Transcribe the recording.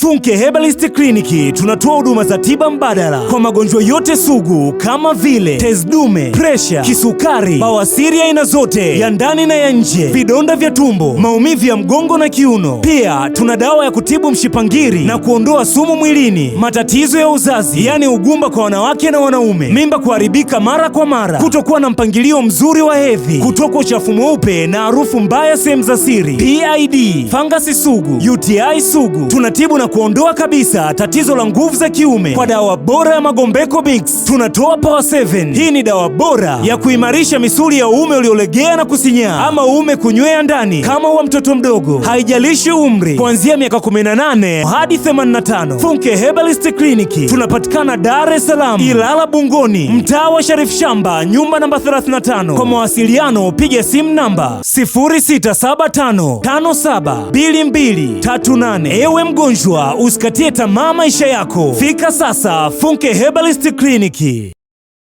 Funke Herbalist Clinic tunatoa huduma za tiba mbadala kwa magonjwa yote sugu kama vile tezidume, presha, kisukari, bawasiri aina zote ya ndani na ya nje, vidonda vya tumbo, maumivu ya mgongo na kiuno. Pia tuna dawa ya kutibu mshipangiri na kuondoa sumu mwilini, matatizo ya uzazi, yaani ugumba kwa wanawake na wanaume, mimba kuharibika mara kwa mara, kutokuwa na mpangilio mzuri wa hedhi, kutokwa uchafu mweupe na harufu mbaya sehemu za siri, PID, fangasi sugu, UTI sugu, tunatibu na kuondoa kabisa tatizo la nguvu za kiume kwa dawa bora ya Magombeko Mix. tunatoa Power 7. Hii ni dawa bora ya kuimarisha misuli ya uume uliolegea na kusinyaa ama uume kunywea ndani kama wa mtoto mdogo, haijalishi umri, kuanzia miaka 18 hadi 85. Funke Herbalist Clinic tunapatikana Dar es Salaam, Ilala Bungoni, mtaa wa Sharif Shamba, nyumba namba 35. Kwa mawasiliano piga simu namba 0675572238. Ewe mgonjwa usikatie tamaa maisha yako. Fika sasa Funke Herbalist Clinic.